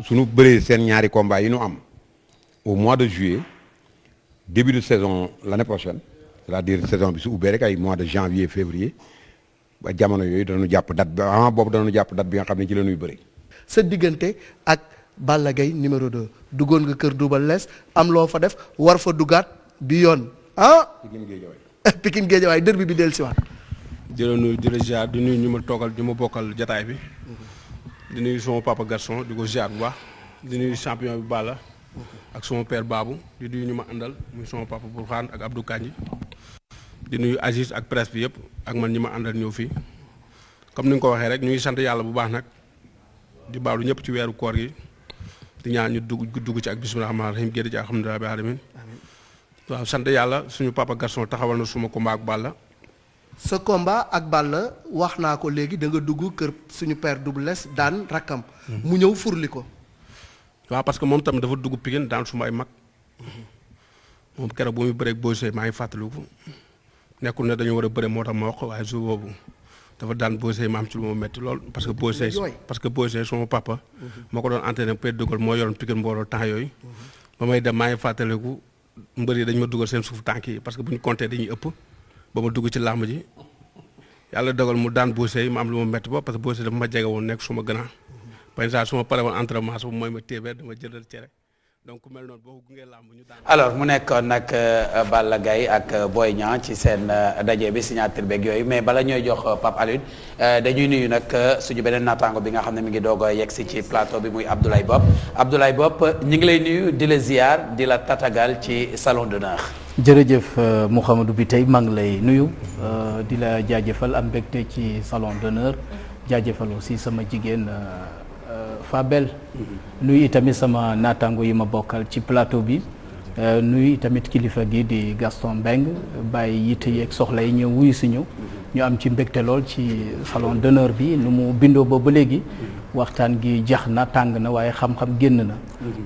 suñu bëree seen ñaari combat yi nu am au mois de juillet début de saison l'année prochaine cest à saison bi su ubbee rek ay mois de janvier février ba jamono yooyu danañu jàpp date bi avant boobu danañu jàpp date bi nga xam ne ci la ñuy bëri. sa diggante ak Balla Gaye numéro de duggoon nga kër Double Less am loo fa def war fa dugaat bi yoon ah. Pikine Guédiawaye Pikine Guédiawaye derby bi dellusiwaat. jërëjëf jërëjëf di nuyu ñu ma toogal ñu ma bokkal jataay bi. Mhm. di nuyu sama papa garçon di ko ziar bu baax di nuyu champion bi Balla ak sama père Babou di nuyu ñu ma àndal muy sama papa Bourkhane ak Abdou Kandji di nuyu Aziz ak presse bi yëpp ak man ñi ma àndal ñëw fii comme ni nga ko waxee rek ñu ngi sant yàlla bu baax nag di baalu ñëpp ci weeru koor yi di ñaan ñu dugg dugg ci ak bisimilah rahmaani rahiim génn ci alhamdulilah bi alamin waaw sant yàlla suñu papa garçon taxawal na suma combat ak Balla sa combat ak la wax naa ko léegi danga nga dugg kër suñu per Double Less daan rakkam. mu ñëw furli ko. waaw parce que moom tam dafa dugg Pikine daan suma ay mag moom keroog bu muy bëreeg Boy Seye maa ngi fàttaliku nekkul ne dañoo war a bëre moo tax ma wax ko waaye su boobu dafa daan Boy Seye ma am ci lu ma métti lool. parce que Boy Seye parce que Boy Seye suma moo ko doon entraîné Père Dugal moo yoroon Pikine mbooloo temps yooyu. ba may dem maa ngi fàttaliku mbër dañ ma dugal seen suuf tànk yi parce que bu ñu compté dañuy ëpp. ba ma dugg ci làmb ji yàlla dogal mu daan boosey ma am lu ma métti ba parce que boosey dafa ma jege woon nekk suma gënaa benn saa su ma pare woon entraînement su mooy ma téeméer dama jëlal cere donc ku mel noonu boo gungee làmb ñu daan alors mu nekkoon nag euh, Balla Gaye ak euh, booy Niang ci seen euh, daje bi signature beeg yooyu mais bala ñooy jox pap Alioune dañuy nuyu nag suñu beneen naataango bi nga xam ne mi ngi doog a yegsi ci plateau bi muy Abdoulaye Bopp Abdoulaye Bopp ñu ngi lay di la ziar di la tatagal ci salon d'honneur jërëjëf euh, Mouhamadou bi tey maa ngi lay nuyu euh, di la jaajëfal am mbégte ci salon d'honneur jaajëfal aussi sama jigéen euh, Fabel nuyu itamit sama naataango yi ma bokkal ci plateau bi nuyu itamit kilifa gi di Gaston Mbengue bàyyi yitte yeeg soxla yi ñëw wuyu si ñu ñu am ci mbégte lool ci salon d'honneur bi lu mu bindoo ba ba léegi waxtaan gi jax na tàng na waaye xam-xam génn na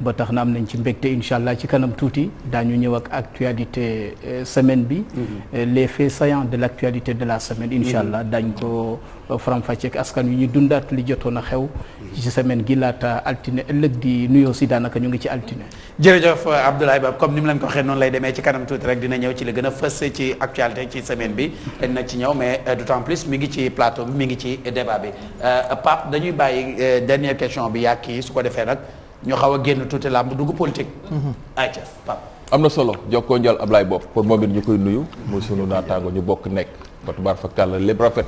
ba tax na am nañ ci mbégte incha allah ci kanam tuuti daañu ñëw ak actualité euh, semaine bi. Mhm. Euh, les faits saillants de l' actualité de la semaine. incha allah mhm. daañu ko euh, faram-fàcceeg askan wi ñu dundaat li joto na xew. Mhm. ci semaine gi laata altine ëllëg di nuyoo si daanaka ñu ngi ci altine. jërëjëf Abdoulaye Bab comme ni mu leen ko waxee noonu lay demee ci kanam tuuti rek dina ñëw ci la gën a ci actualité ci semaine bi. na ci ñëw mais d' autant plus mi ngi ci plateau bi mi ngi ci débat bi Pape dañuy bàyyi dernière question bi yàgg kii su ko defee nag. ñu xaw a génn tuuti làmb dugg politique. Mhm. ayca Pape. am na solo jox koo jokkoo ab Ablaye Bopp kon moom it ñu koy nuyu. muy sunu naataango ñu bokk nekk. Fatou Bar Faktal la lépp rafet.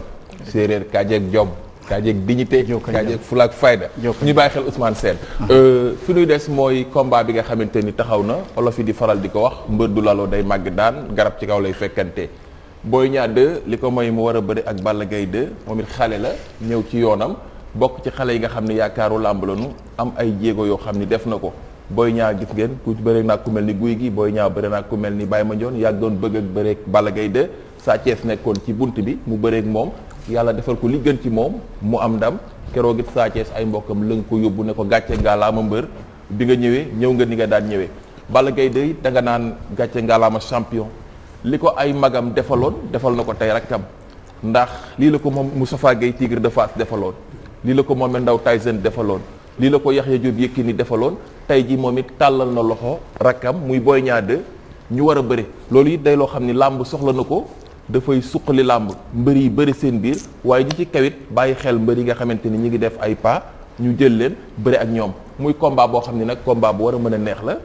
séeréer kaajeeg jom kaajeeg dignité. kaajeeg fulaak fayda. ñu bàyyi xel Ousmane Sène. Mhm. Euh, fi ñuy des mooy combat bi nga xamante ni taxaw na olof yi di faral di ko wax mbër du laloo day màgg daan garab ci kaw lay fekkante. Boy Niang 2 li ko moy mu war a bëri ak Balla Gaye 2 moom it xale la ñëw ci yoonam. bokk ci xale yi nga xam ne yaakaaru làmb lañu am ay jéego yoo xam ni def na ko Boy Niang gis ngeen ku bëre naa ku mel ni guy Gui Boy Niang bëre naa ku mel ni Baye Mandione yàgg doon bëgg ak bëreek Balla gay 2 Sa Thiès nekkoon ci bunt bi mu bëreek moom yàlla defal ko li gën ci moom mu am ndam keroog it Sa Thiès ay mbokkam la nga ko yóbbu ne ko gàcce ngaalaama mbër bi nga ñëwee ñëw nga ni nga daan ñëwee Balla gay 2 it da nga naan gàcce ngaalaama champion li ko ay magam defaloon defal na ko tey rakkam ndax lii la ko moom Moustapha Gueye Tigre de Fass defaloon lii la ko ndaw Ndao Tyson defaloon lii la ko Yaxya Diop Yékini defaloon tey ji moom it tàllal na loxo rakkam muy booy Niang ñu war a bëri loolu it day loo xam ni làmb soxla na ko dafay suqali làmb mbër yi bëri seen biir waaye ñi ci kawit bàyyi xel mbër yi nga xamante ni ñu ngi def ay pas ñu jël leen bëri ak ñoom muy combat boo xam ne nag kombaa bu war a mën a neex la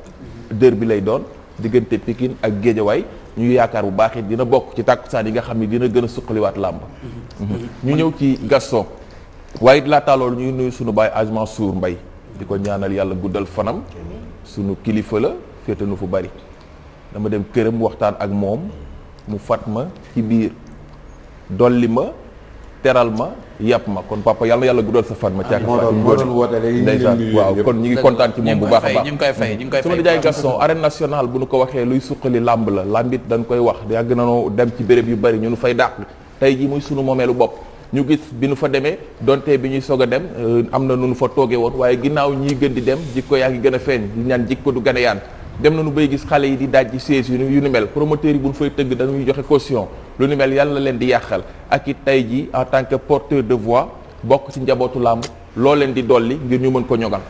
dër bi lay doon diggante Pikine ak Géejawaay ñu yaakaar bu baax it dina bokk ci tàkkusaan yi nga xam ni dina gën a suqaliwaat làmb mhm. Mhm. ñëw ci Gaston waaye it laataa loolu ñuy nuyu sunu baay Hadj Mansour Mbaye di ko ñaanal yàlla guddal fanam sunu kilifa la féete nu fu bari dama dem këram waxtaan ak moom mu fat ma ci biir dolli ma teral ma yàpp ma kon papa yàlla yàlla guddal sa fan ma càkk waaw kon ñu moom bu baax baax ñu ngi koy fay ñu ngi koy fay su ma nijaay Gaston arène nationale bu nu ko waxee luy suqali làmb la làmbit dañ koy wax yàgg na noo dem ci béréb yu bari ñu nu fay dàq tey ji muy sunu moomeelu bopp ñu gis bi nu fa demee donte bi ñuy soog a dem euh, am na nu nu fa toogee woon waaye ginnaaw ñi gën di dem jikko yaa ngi gën a feeñ li ñaan jikko du gën a yaan dem nañu bay gis xale yi di dajji siège yu nu ni mel promoteur yi bu ñu fay tëgg dañuy joxe caution lu ni mel yàlla na leen di yàqal ak it tey jii en tant que porteur de voix bokk ci njabootu làmb loo leen di dolli ngir ñu mën ko ñogal.